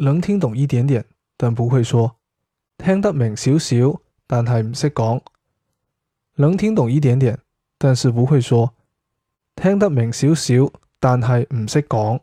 能聽懂一點點，但不會說；聽得明少少，但係唔識講。能聽懂一點點，但是不會說；聽得明少少，但係唔識講。